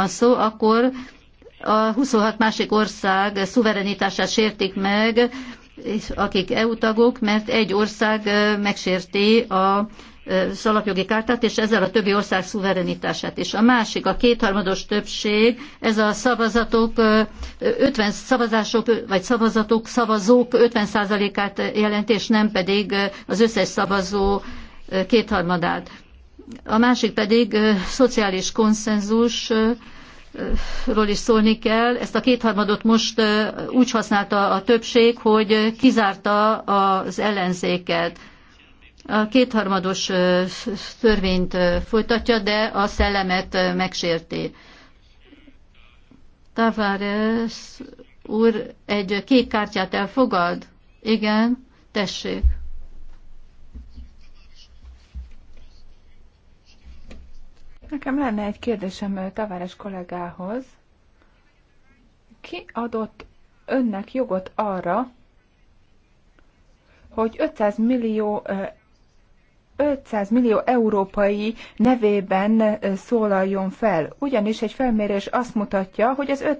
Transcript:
van szó, akkor a 26 másik ország szuverenitását sértik meg, akik EU tagok, mert egy ország megsérti a szalapjogi kártát, és ezzel a többi ország szuverenitását is. A másik, a kétharmados többség, ez a szavazatok, 50 szavazások, vagy szavazatok, szavazók 50%-át jelent, és nem pedig az összes szavazó kétharmadát a másik pedig szociális konszenzus, ról is szólni kell. Ezt a kétharmadot most úgy használta a többség, hogy kizárta az ellenzéket. A kétharmados törvényt folytatja, de a szellemet megsérti. Tavares úr egy kék kártyát elfogad? Igen, tessék. Nekem lenne egy kérdésem Tavares kollégához. Ki adott önnek jogot arra, hogy 500 millió 500 millió európai nevében szólaljon fel. Ugyanis egy felmérés azt mutatja, hogy az